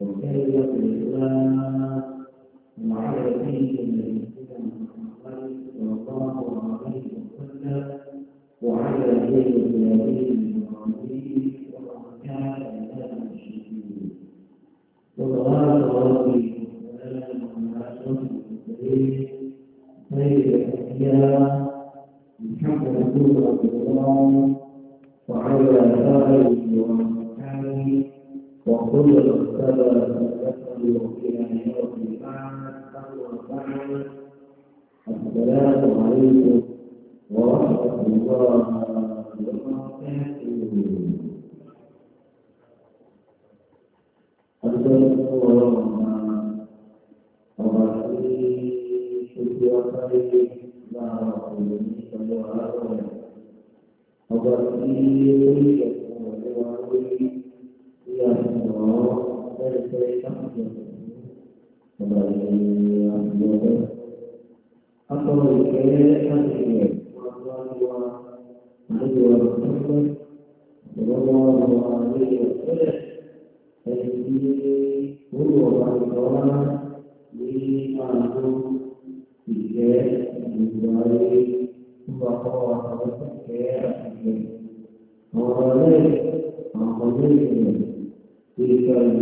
وكيف الإسلام وعلى فيه من 为了儿女，我甘，我不吝啬，但是我愿意为他，为我他，为了我，我许个什么天许，他说我，我为许个他那女人什么老公。好吧，第一，我我在玩微信，第二，我我在看视频，什么的，我他说一些那些，哇哇哇，哪里有？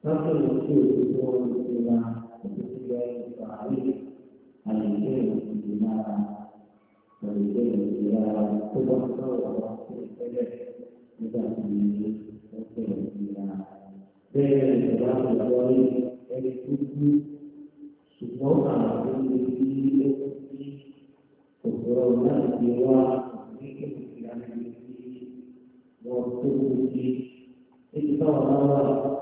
Tanto lo stesso di voi che la consigliere fai all'interno di una all'interno di una collaborazione di bambini all'interno di una deve trovare fuori e tutti supportano quindi di tutti oppure una di là che si chiama di tutti e si trova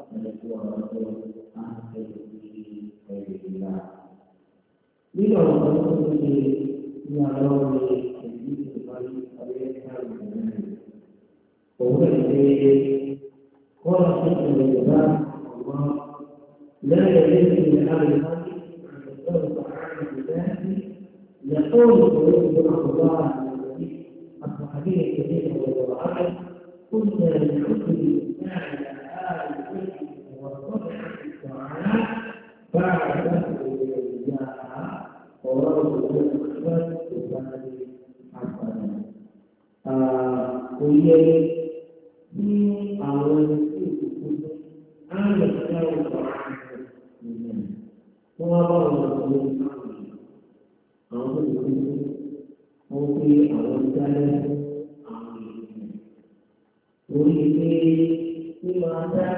Digo, nosotros que no hablamos de servicio país abierta وهو الذي قال حكم الإمام الله لا يجوز لأهل الأرض أن يتصرف عن بذاته يقول رحمه الله عن النبي الصحابي رضي الله عنه كنا نحب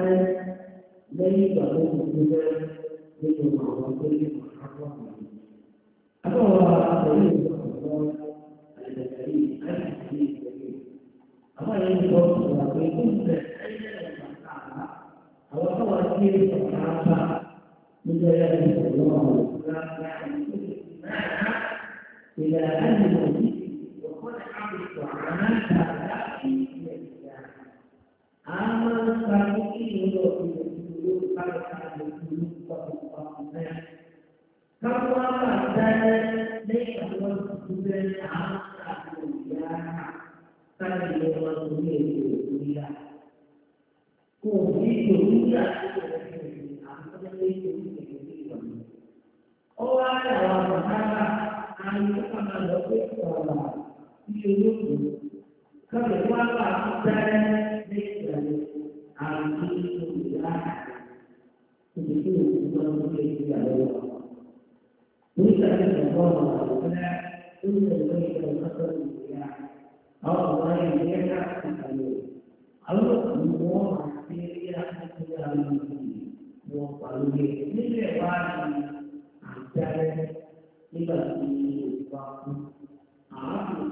الإنسان ليس له مجال من المعروفين والحرام أما هو النبي صلى الله عليه وسلم عن الحديث الكريم أما النبي صلى الله عليه وسلم كنت أجل المسعى أو هو كثير الصحابة من جلاله صلى الله عليه وسلم يعني كل إلى أهل المسجد وخلع الطعام فلا في الإسلام آمن Kami akan berusaha untuk memperbaiki Al-Qur'an tidak berubah. Bisa kita berubah, karena itu berubah dalam Allah Allah yang berkata kita ini. Allah semua hasil yang kita dalam ini. Semua palungi. Ini lebaran. Ajar. Tiba di waktu. Alam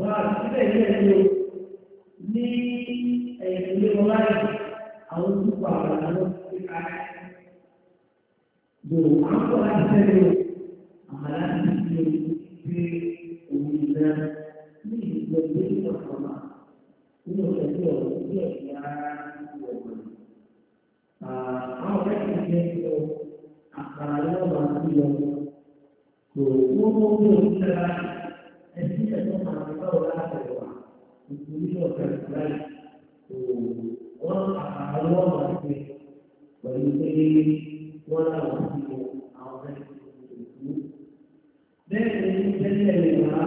wọ́n á síbẹ̀ ní ẹ̀yìn ní ẹ̀yìn àwọn olùkọ́ àwọn ní ìgbẹ́gbẹ́ ní ẹ̀yìn kò wọ́n mọ́ bí òun ìpolítọ̀ kẹrìndínláì tó wọ́n àwọn ọmọ àti pẹ̀lú pé wọ́n láwọn sí àwọn ẹ̀sìn ìlú. bẹ́ẹ̀ ni ní tẹ́lẹ̀ ìwà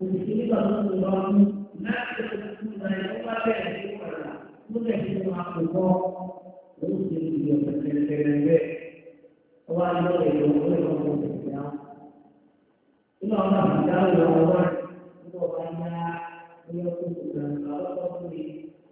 òṣìṣẹ́ nígbà tó ń lọ mú láti ọdún náà ẹ̀kọ́ bá bẹ̀rẹ̀ sí ọ̀la tó lẹ̀ sí wọn àkọ́kọ́ òun ṣe ìdí ọ̀sẹ̀ kẹrẹkẹrẹ bẹ́ẹ̀ ọba ìlọ́ọ̀rẹ̀ ìlọ́ọ̀rẹ̀ ọ̀pọ̀ ìgbà. nínú àwọn àbújá ìlọ́ọ̀rẹ̀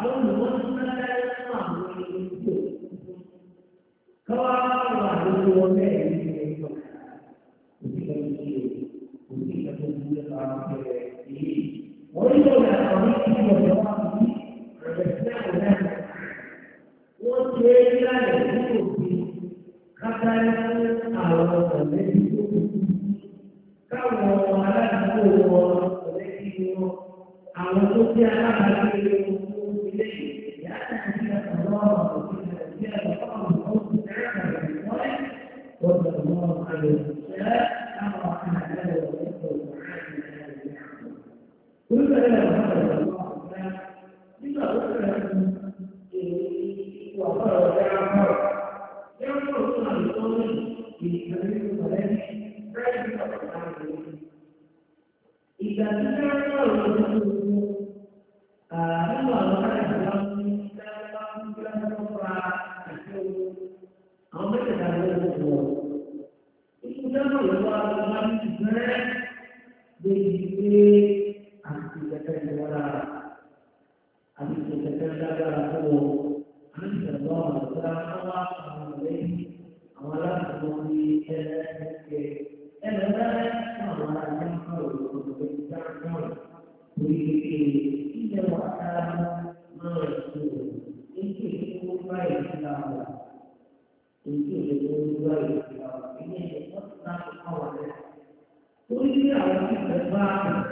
àwọn olùkọ́ tó ń bá dáyé fún àwọn olùkọ́ káwá wà lórí wọn bẹ́ẹ̀ ní ilé ìjọ òbí kan ní ilé òbí kan tó ń gbé ara rẹ̀ ní ilé. 今天晚上没事，今天不玩游戏了，今天不玩游戏了，明天我值班好玩。所以不要去惩罚。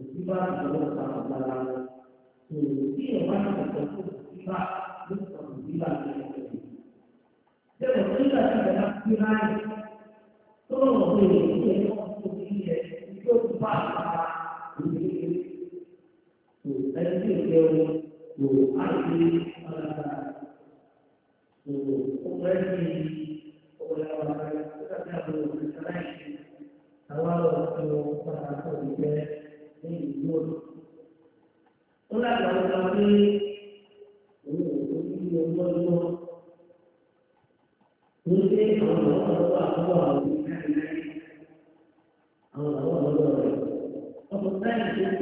Gracias.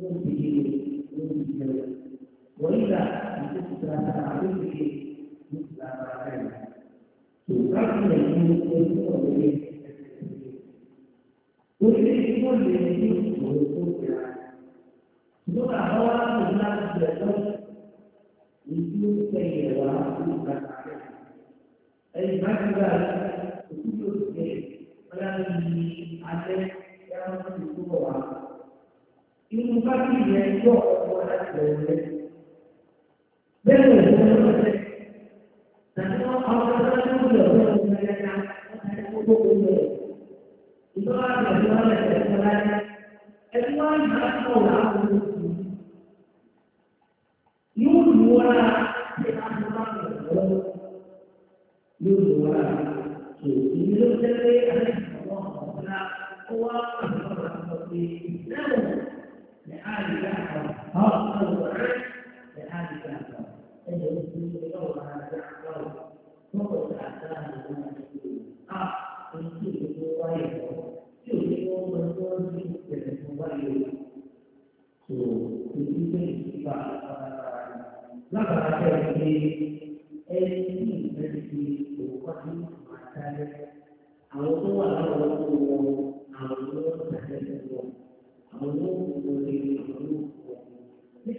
目的目的，为了让大家理解，让大家明白，主要的原因就是我们这些，我们这些年轻人，不干活啊，不干活，你就不愿意啊，不干活，哎，你看看，不干活，我讲你那些，然后你就不干活。因为外地人多，我来学的。没有我来学的。等到杭州这边有了，我们家家都开始做工作你说他怎么来的？说哎，公安查的时候拿不有主了，开发商拿不出。有主了，所以就现在还是什么好呢？公什么？什么？然后。按一下哦，好，那我来给按一下。那手机给我拿过来，给我，给我打开手机。好，手机给我关掉。就说我手机怎么关掉？主屏幕是吧？那个在 A P P 主画面，在长按那个。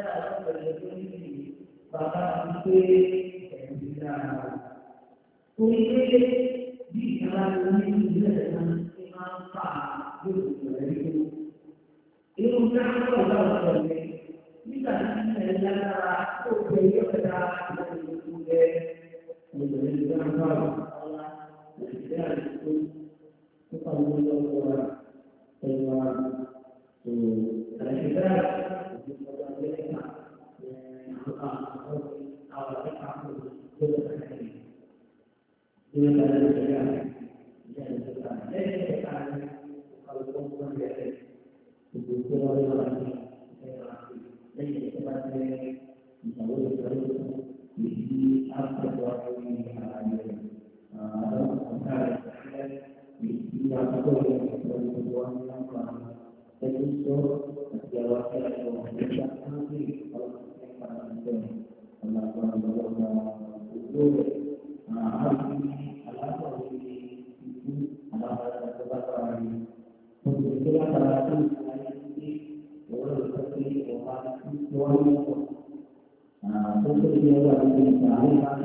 náà lọ́pẹ̀lẹ̀ tó ní sí bàbá wípé ẹ̀mí dára. Orí pé bí ìjọba tó ní ìlú ẹ̀ náà ti máa ń fà lóògùn rẹ̀ tó. Irú dáhùn ọ̀gá ọ̀sọ̀ rẹ̀ nígbà tí ẹ̀ lágbára tó pé yọ̀ọ̀dá láti lókun jẹ́ obìnrin dáhùn ọ̀gá ọ̀la òṣìṣẹ́ àdìsó nípa owó lọ́wọ́ rẹ̀. Ini adalah sejarah yang besar. Jadi sekarang kalau kumpulan biasa, kumpulan orang orang ini, saya rasa, saya sebenarnya mahu terus di apa buat ini hari ini. Kalau saya di apa buat ini hari ini buat yang lain. Saya justru jawab saya kalau tidak nanti kalau saya pernah melakukan beberapa Entonces, yo